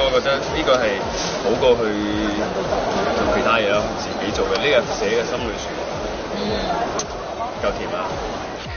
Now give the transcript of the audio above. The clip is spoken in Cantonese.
我覺得呢個係好過去做其他嘢咯，自己做嘅呢、這個寫嘅心裏說話、嗯、甜，夠甜啦。